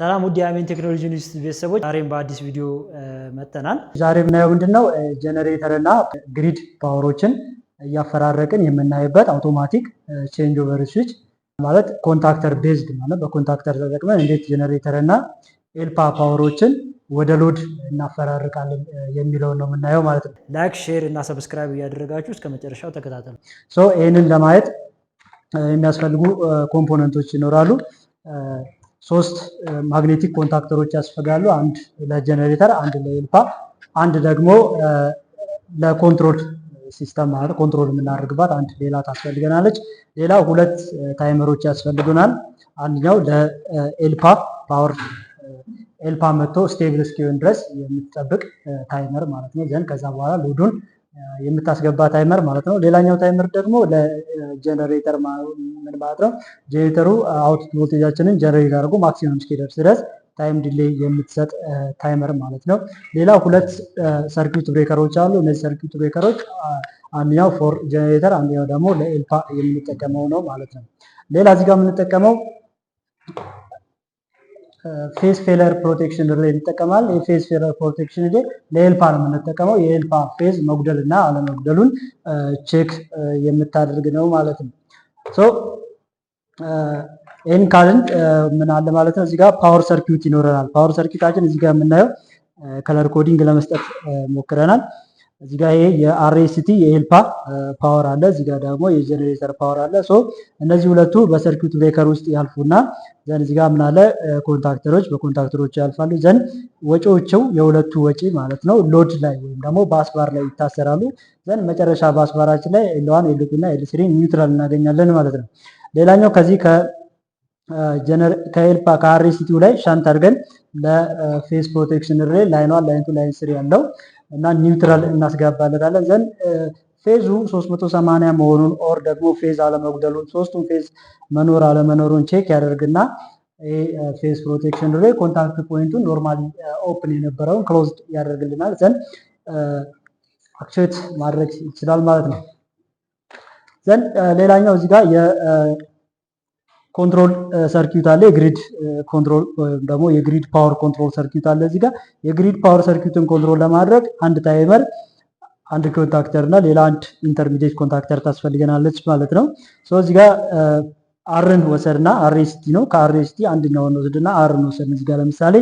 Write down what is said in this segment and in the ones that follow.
ሰላም ውድ የአሜን ቴክኖሎጂ ኒውስ ቤተሰቦች፣ ዛሬም በአዲስ ቪዲዮ መጥተናል። ዛሬ የምናየው ምንድነው ጀነሬተር እና ግሪድ ፓወሮችን እያፈራረቅን የምናይበት አውቶማቲክ ቼንጅ ኦቨር ስዊች ማለት ኮንታክተር ቤዝድ ማለት በኮንታክተር ተጠቅመን እንዴት ጀነሬተር እና ኤልፓ ፓወሮችን ወደ ሎድ እናፈራርቃለን የሚለውን ነው የምናየው ማለት ነው። ላይክ፣ ሼር እና ሰብስክራይብ እያደረጋችሁ እስከ መጨረሻው ተከታተሉ። ይህንን ለማየት የሚያስፈልጉ ኮምፖነንቶች ይኖራሉ። ሶስት ማግኔቲክ ኮንታክተሮች ያስፈልጋሉ። አንድ ለጀኔሬተር፣ አንድ ለኤልፓ፣ አንድ ደግሞ ለኮንትሮል ሲስተም ማለት ኮንትሮል የምናደርግባት አንድ ሌላ ታስፈልገናለች። ሌላ ሁለት ታይመሮች ያስፈልጉናል። አንደኛው ለኤልፓ ፓወር ኤልፓ መጥቶ ስቴብል እስኪሆን ድረስ የምትጠብቅ ታይመር ማለት ነው። ዘን ከዛ በኋላ ሎዱን የምታስገባ ታይመር ማለት ነው። ሌላኛው ታይመር ደግሞ ለጀነሬተር ምን ማለት ነው? ጀነሬተሩ አውትፑት ቮልቴጃችንን ጀነሬት አድርጎ ማክሲመም እስኪደርስ ድረስ ታይም ዲሌይ የምትሰጥ ታይመር ማለት ነው። ሌላ ሁለት ሰርኪት ብሬከሮች አሉ። እነዚህ ሰርኪት ብሬከሮች አንደኛው ፎር ጀነሬተር፣ አንደኛው ደግሞ ለኤልፓ የምንጠቀመው ነው ማለት ነው። ሌላ እዚህ ጋር የምንጠቀመው ፌስ ፌለር ፕሮቴክሽን ሪሌ ይጠቀማል። የፌስ ፌለር ፕሮቴክሽን ሪሌ ለኤልፓ ነው የምንጠቀመው። የኤልፓ ፌዝ መጉደል እና አለመጉደሉን ቼክ የምታደርግ ነው ማለት ነው። ይህን ካልን ምን አለ ማለት ነው። እዚጋ ፓወር ሰርኪዩት ይኖረናል። ፓወር ሰርኪዩታችን እዚጋ የምናየው ከለር ኮዲንግ ለመስጠት ሞክረናል። እዚህ ጋር ይሄ የአርኤስቲ የኤልፓ ፓወር አለ። እዚህ ጋር ደግሞ የጀኔሬተር ፓወር አለ። ሶ እነዚህ ሁለቱ በሰርኪት ብሬከር ውስጥ ያልፉና ዘን እዚህ ጋር ምናለ ኮንታክተሮች በኮንታክተሮች ያልፋሉ። ዘን ወጪዎቸው የሁለቱ ወጪ ማለት ነው ሎድ ላይ ወይም ደግሞ በአስባር ላይ ይታሰራሉ። ዘን መጨረሻ በአስባራችን ላይ ኤልዋን ኤልቱና ኤልስሪ ኒውትራል እናገኛለን ማለት ነው። ሌላኛው ከዚህ ከኤልፓ ከአርኤስቲው ላይ ሻንት አድርገን ለፌስ ፕሮቴክሽን ሬ ላይኗን ላይንቱ ላይን ስሪ ያለው እና ኒውትራል እናስገባለታለን ዘንድ ፌዙ 380 መሆኑን ኦር ደግሞ ፌዝ አለመጉደሉን ሶስቱም ፌዝ መኖር አለመኖሩን ቼክ ያደርግና ፌዝ ፕሮቴክሽን ሪሌ ኮንታክት ፖይንቱን ኖርማሊ ኦፕን የነበረውን ክሎዝድ ያደርግልናል ዘንድ አክቹዌት ማድረግ ይችላል ማለት ነው። ዘንድ ሌላኛው እዚጋ ኮንትሮል ሰርኪዩት uh, አለ። የግሪድ ኮንትሮል uh, ወይም uh, ደግሞ የግሪድ ፓወር ኮንትሮል ሰርኪዩት አለ። እዚህ ጋር የግሪድ ፓወር ሰርኪዩትን ኮንትሮል ለማድረግ አንድ ታይመር፣ አንድ ኮንታክተር እና ሌላ አንድ ኢንተርሚዲየት ኮንታክተር ታስፈልገናለች ማለት ነው። እዚህ ጋር አርን ወሰድና አርኤስቲ ነው። ከአርኤስቲ አንደኛውን ወስድና አርን ወሰድን። እዚህ ጋር ለምሳሌ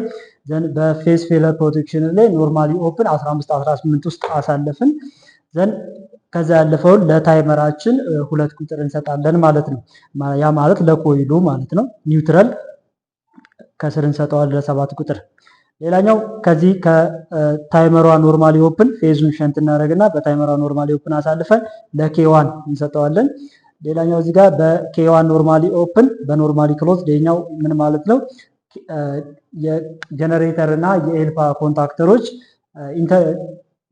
ዘን በፌስ ፌለር ፕሮቴክሽን ላይ ኖርማሊ ኦፕን 15 18 ውስጥ አሳለፍን ዘን ከዛ ያለፈውን ለታይመራችን ሁለት ቁጥር እንሰጣለን ማለት ነው። ያ ማለት ለኮይሉ ማለት ነው። ኒውትራል ከስር እንሰጠዋለን ለሰባት ቁጥር። ሌላኛው ከዚህ ከታይመሯ ኖርማሊ ኦፕን ፌዙን ሸንት እናደርግና በታይመሯ ኖርማሊ ኦፕን አሳልፈን ለኬዋን እንሰጠዋለን። ሌላኛው እዚህ ጋር በኬዋን ኖርማሊ ኦፕን በኖርማሊ ክሎዝ ሌኛው ምን ማለት ነው? የጀነሬተር እና የኤልፓ ኮንታክተሮች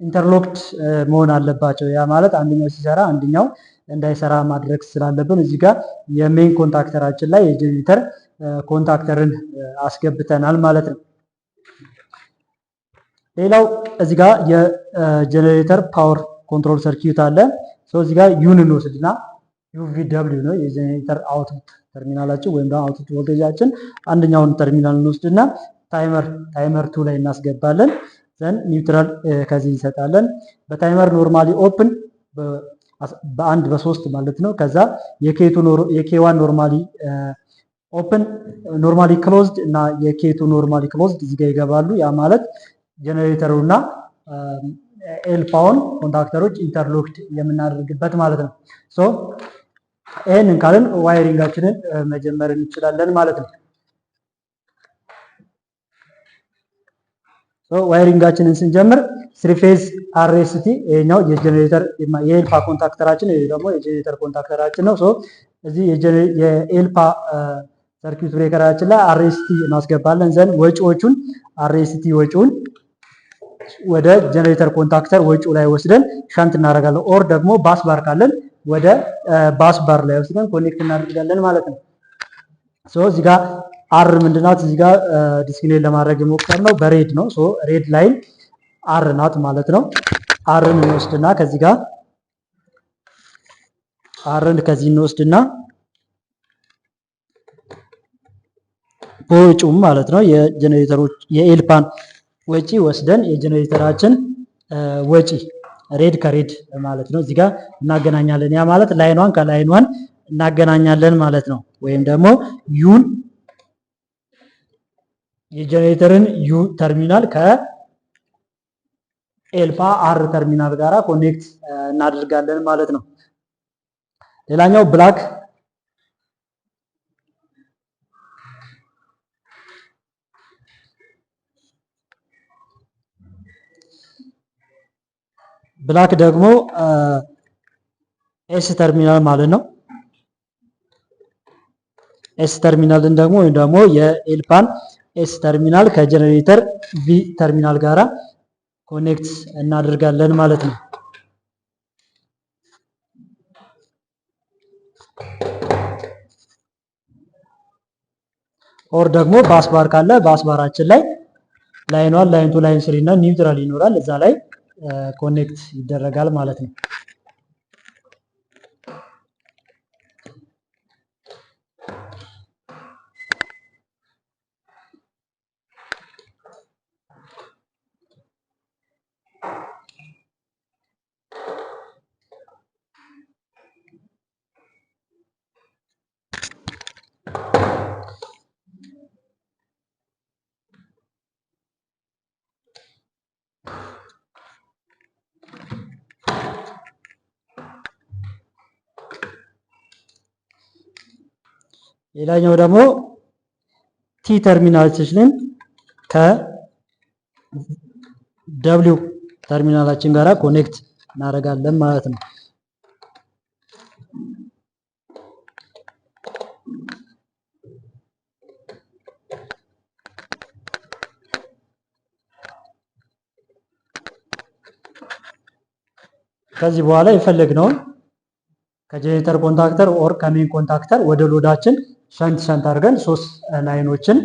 ኢንተርሎክድ መሆን አለባቸው። ያ ማለት አንደኛው ሲሰራ አንደኛው እንዳይሰራ ማድረግ ስላለብን እዚህ ጋር የሜን ኮንታክተራችን ላይ የጀኔሬተር ኮንታክተርን አስገብተናል ማለት ነው። ሌላው እዚህ ጋር የጀኔሬተር ፓወር ኮንትሮል ሰርኪዩት አለ። እዚህ ጋር ዩን እንወስድና ዩቪ ነው የጀኔሬተር አውትፑት ተርሚናላችን ወይም ደግሞ አውትፑት ቮልቴጃችን። አንደኛውን ተርሚናል እንወስድና ታይመር ታይመር ቱ ላይ እናስገባለን። ዘን ኒውትራል ከዚህ እንሰጣለን። በታይመር ኖርማሊ ኦፕን በአንድ በሶስት ማለት ነው። ከዛ የኬዋን ኖርማሊ ኦፕን ኖርማሊ ክሎዝድ እና የኬቱ ኖርማሊ ክሎዝድ እዚጋ ይገባሉ። ያ ማለት ጀነሬተሩ እና ኤልፓውን ኮንታክተሮች ኢንተርሎክድ የምናደርግበት ማለት ነው። ሶ ይህንን ካልን ዋይሪንጋችንን መጀመር እንችላለን ማለት ነው። ዋይሪንጋችንን ስንጀምር ስሪፌዝ አርኤስቲ ይሄኛው የጀኔሬተር የኤልፓ ኮንታክተራችን ደግሞ የጀኔሬተር ኮንታክተራችን ነው። እዚህ የኤልፓ ሰርኪት ብሬከራችን ላይ አርኤስቲ እናስገባለን ዘን ወጪዎቹን አርኤስቲ ወጪውን ወደ ጀኔሬተር ኮንታክተር ወጪው ላይ ወስደን ሻንት እናደርጋለን። ኦር ደግሞ ባስ ባር ካለን ወደ ባስ ባር ላይ ወስደን ኮኔክት እናደርጋለን ማለት ነው። እዚህ ጋር አር ምንድናት? እዚህ ጋር ዲስፕሌይ ለማድረግ የሞከር ነው በሬድ ነው። ሶ ሬድ ላይን አር ናት ማለት ነው። አርን እንወስድና ከዚህ ጋር አርን ከዚህ እንወስድና በወጪውም ማለት ነው የጀኔሬተሮች የኤልፓን ወጪ ወስደን የጀኔሬተራችን ወጪ ሬድ ከሬድ ማለት ነው እዚህ ጋር እናገናኛለን። ያ ማለት ላይኗን ከላይኗን እናገናኛለን ማለት ነው። ወይም ደግሞ ዩን የጀኔሬተርን ዩ ተርሚናል ከኤልፓ አር ተርሚናል ጋራ ኮኔክት እናደርጋለን ማለት ነው። ሌላኛው ብላክ ብላክ ደግሞ ኤስ ተርሚናል ማለት ነው። ኤስ ተርሚናልን ደግሞ ወይም ደግሞ የኤልፓን ኤስ ተርሚናል ከጀኔሬተር ቪ ተርሚናል ጋራ ኮኔክት እናደርጋለን ማለት ነው። ኦር ደግሞ ባስባር ካለ ባስባራችን ላይ ላይን ዋን ላይን ቱ ላይን ስሪ እና ኒውትራል ይኖራል። እዛ ላይ ኮኔክት ይደረጋል ማለት ነው። ሌላኛው ደግሞ ቲ ተርሚናሎቻችንን ከደብሊው ተርሚናላችን ጋር ኮኔክት እናደርጋለን ማለት ነው። ከዚህ በኋላ የፈለግነውን ከጄኔሬተር ኮንታክተር ኦር ከሜን ኮንታክተር ወደ ሎዳችን ሸንት ሸንት አድርገን ሶስት ላይኖችን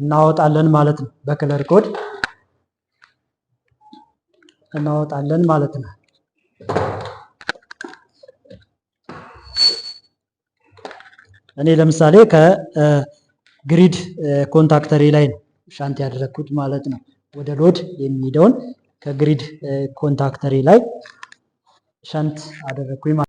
እናወጣለን ማለት ነው። በክለር ኮድ እናወጣለን ማለት ነው። እኔ ለምሳሌ ከግሪድ ኮንታክተሪ ላይ ነው ሻንት ያደረግኩት ማለት ነው። ወደ ሎድ የሚሄደውን ከግሪድ ኮንታክተሪ ላይ ሻንት አደረግኩኝ ማለት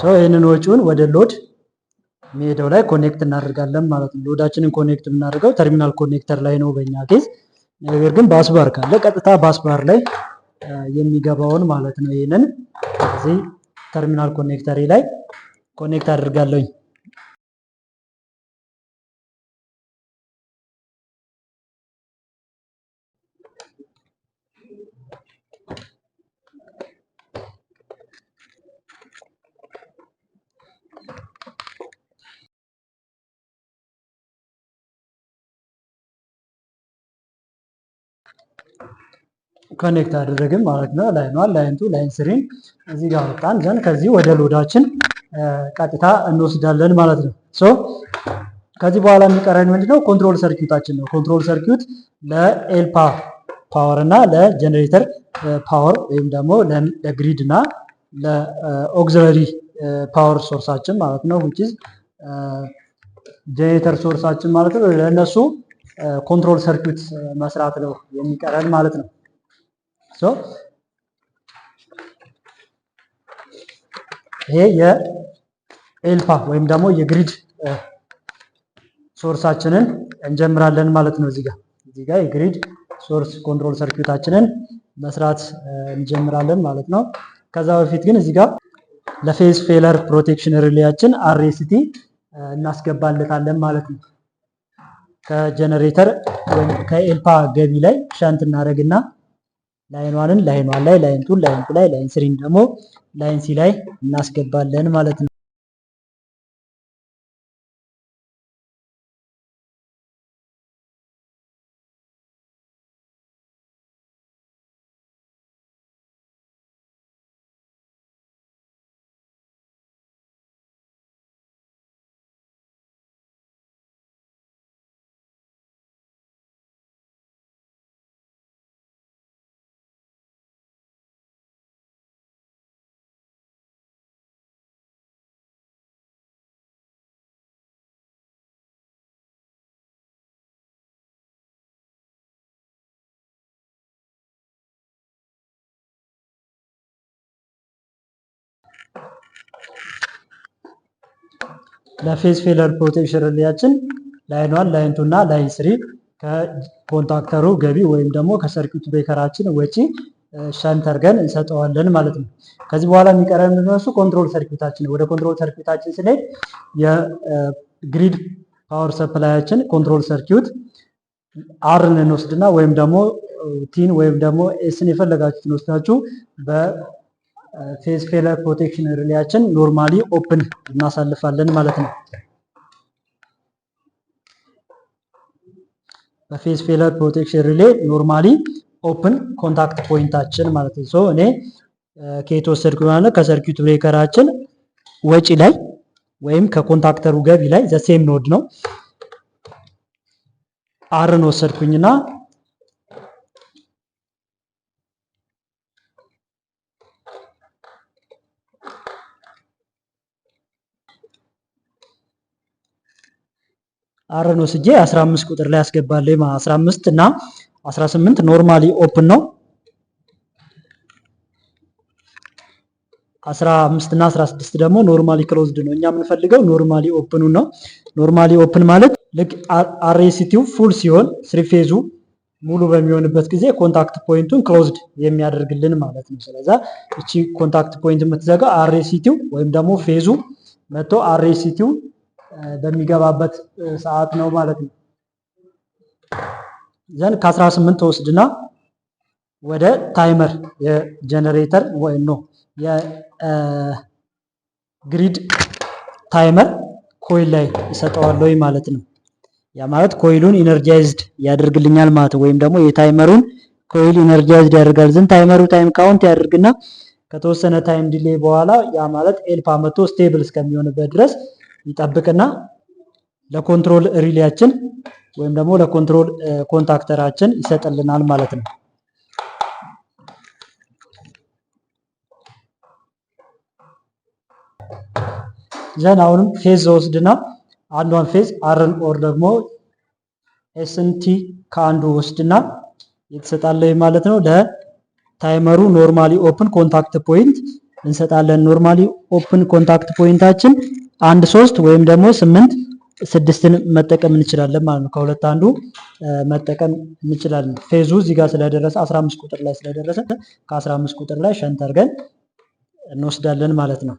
ሰው ይህንን ወጪውን ወደ ሎድ ሜዳው ላይ ኮኔክት እናደርጋለን ማለት ነው። ሎዳችንን ኮኔክት የምናደርገው ተርሚናል ኮኔክተር ላይ ነው በእኛ ኬዝ። ነገር ግን ባስባር ካለ ቀጥታ ባስባር ላይ የሚገባውን ማለት ነው። ይህንን እዚህ ተርሚናል ኮኔክተሪ ላይ ኮኔክት አድርጋለኝ። ኮኔክት አደረግን ማለት ነው። ላይን ዋን ላይን ቱ ላይን ስሪን እዚህ ጋር ወጣን ዘን ከዚህ ወደ ሎዳችን ቀጥታ እንወስዳለን ማለት ነው። ሶ ከዚህ በኋላ የሚቀረን ምንድነው? ኮንትሮል ሰርኪዩታችን ነው። ኮንትሮል ሰርኪዩት ለኤልፓ ፓወር እና ለጀኔሬተር ፓወር ወይም ደግሞ ለግሪድ እና ለኦግዚለሪ ፓወር ሶርሳችን ማለት ነው which is ጀኔሬተር ሶርሳችን ማለት ነው። ለእነሱ ኮንትሮል ሰርኪዩት መስራት ነው የሚቀረን ማለት ነው። ይሄ የኤልፓ ወይም ደግሞ የግሪድ ሶርሳችንን እንጀምራለን ማለት ነው። እዚህ ጋር የግሪድ ሶርስ ኮንትሮል ሰርኪዩታችንን መስራት እንጀምራለን ማለት ነው። ከዛ በፊት ግን እዚህ ለፌስ ፌለር ፕሮቴክሽን ሪሌያችን አሬሲቲ እናስገባለታለን ማለት ነው። ከጀነሬተር ከኤልፓ ገቢ ላይ ሻንት እናደርግና ላይን ላይኗን ላይ ላይን ላይንቱ ላይ ላይን ስሪን ደግሞ ላይን ሲ ላይ እናስገባለን ማለት ነው። ለፌዝ ፌለር ፕሮቴክሽን ሪሌያችን ላይን ዋን ላይን ቱ እና ላይን ስሪ ከኮንታክተሩ ገቢ ወይም ደግሞ ከሰርኪት ብሬከራችን ወጪ ሸንት አድርገን እንሰጠዋለን ማለት ነው። ከዚህ በኋላ የሚቀረ የምንነሱ ኮንትሮል ሰርኪታችን ወደ ኮንትሮል ሰርኪታችን ስንሄድ የግሪድ ፓወር ሰፕላያችን ኮንትሮል ሰርኪት አርን እንወስድና ወይም ደግሞ ቲን ወይም ደግሞ ኤስን የፈለጋችሁትን ወስዳችሁ ፌዝ ፌለር ፕሮቴክሽን ሪሌያችን ኖርማሊ ኦፕን እናሳልፋለን ማለት ነው። በፌዝ ፌለር ፕሮቴክሽን ሪሌ ኖርማሊ ኦፕን ኮንታክት ፖይንታችን ማለት ነው። ሶ እኔ ከየተወሰድኩ ማለት ከሰርኪዩት ብሬከራችን ወጪ ላይ ወይም ከኮንታክተሩ ገቢ ላይ ዘ ሴም ኖድ ነው አርን ወሰድኩኝና አርን ወስጄ 15 ቁጥር ላይ አስገባለሁ። 15 እና 18 ኖርማሊ ኦፕን ነው። 15 እና 16 ደግሞ ኖርማሊ ክሎዝድ ነው። እኛ የምንፈልገው ኖርማሊ ኦፕኑ ነው። ኖርማሊ ኦፕን ማለት ልክ ሲቲው ፉል ሲሆን ስሪፌዙ ሙሉ በሚሆንበት ጊዜ ኮንታክት ፖይንቱን ክሎዝድ የሚያደርግልን ማለት ነው። ስለዛ እቺ ኮንታክት ፖይንት የምትዘጋ ሲቲው ወይም ደግሞ ፌዙ መጥቶ አርኤሲቲው በሚገባበት ሰዓት ነው ማለት ነው። ዘን ከ18 ተወስድና ወደ ታይመር የጀነሬተር ወይ ነው የግሪድ ታይመር ኮይል ላይ ይሰጠዋለሁ ማለት ነው። ያ ማለት ኮይሉን ኢነርጃይዝድ ያደርግልኛል ማለት ወይም ደግሞ የታይመሩን ኮይል ኢነርጃይዝድ ያደርጋል። ዘን ታይመሩ ታይም ካውንት ያደርግና ከተወሰነ ታይም ዲሌይ በኋላ ያ ማለት ኤልፓ መቶ ስቴብል እስከሚሆንበት ድረስ ይጠብቅና ለኮንትሮል ሪሊያችን ወይም ደግሞ ለኮንትሮል ኮንታክተራችን ይሰጥልናል ማለት ነው። ዘን አሁንም ፌዝ ወስድና አንዷን ፌዝ አርን ኦር ደግሞ ኤስንቲ ከአንዱ ወስድና የተሰጣለን ማለት ነው። ለታይመሩ ኖርማሊ ኦፕን ኮንታክት ፖይንት እንሰጣለን። ኖርማሊ ኦፕን ኮንታክት ፖይንታችን አንድ ሶስት ወይም ደግሞ ስምንት ስድስትን መጠቀም እንችላለን ማለት ነው። ከሁለት አንዱ መጠቀም እንችላለን። ፌዙ እዚህ ጋር ስለደረሰ 15 ቁጥር ላይ ስለደረሰ ከ15 ቁጥር ላይ ሸንተርገን እንወስዳለን ማለት ነው።